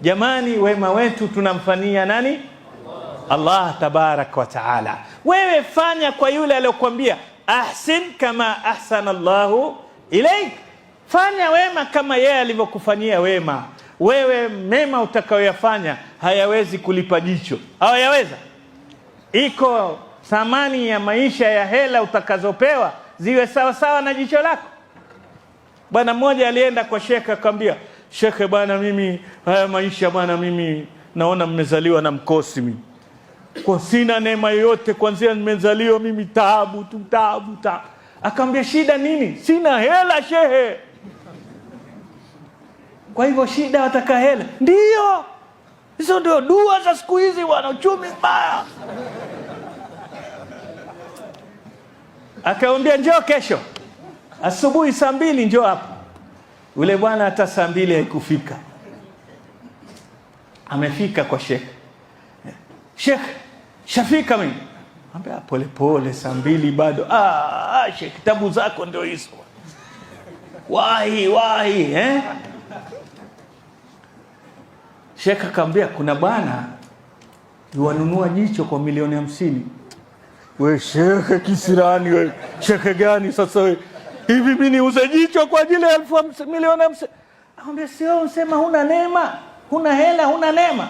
Jamani, wema wetu tunamfanyia nani? Allah tabarak wa taala. Wewe fanya kwa yule aliyokuambia ahsin kama ahsana Allahu ilaik, fanya wema kama yeye alivyokufanyia wema. Wewe mema utakayoyafanya hayawezi kulipa jicho hawayaweza Iko thamani ya maisha ya hela utakazopewa ziwe sawasawa na jicho lako. Bwana mmoja alienda kwa shekhe akamwambia shekhe, bwana mimi haya maisha bwana mimi naona mmezaliwa na mkosi mimi kwa sina neema yoyote, kwanzia nimezaliwa mimi taabu tu taabu ta. Akaambia shida nini? Sina hela shehe. Kwa hivyo shida wataka hela? Ndio, hizo ndio dua za siku hizi bwana, uchumi mbaya. Akaambia njoo kesho asubuhi saa mbili njoo hapa. Yule bwana hata saa mbili haikufika, amefika kwa shekhe. Shekhe, shafika mimi ambea ah, pole, saa mbili bado. Ah, ah shekhe, kitabu zako ndio hizo, wahi wahi eh? Shekhe akamwambia kuna bwana yuwanunua jicho kwa milioni hamsini. We shekhe kisirani we shekhe gani sasa wewe? hivi mi niuze jicho kwa ajili ya elfu milioni hamsini? Akamwambia sio, msema huna neema, huna hela, huna neema.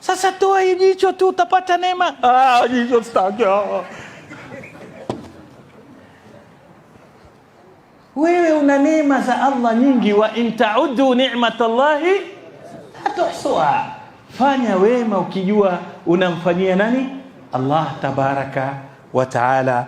Sasa toa hii jicho tu utapata neema. Ah, jicho sitaki. Ah. Wewe una neema za Allah nyingi, wa intaudu taudu llahi la tuhsuha. Fanya wema ukijua unamfanyia nani? Allah tabaraka wa taala.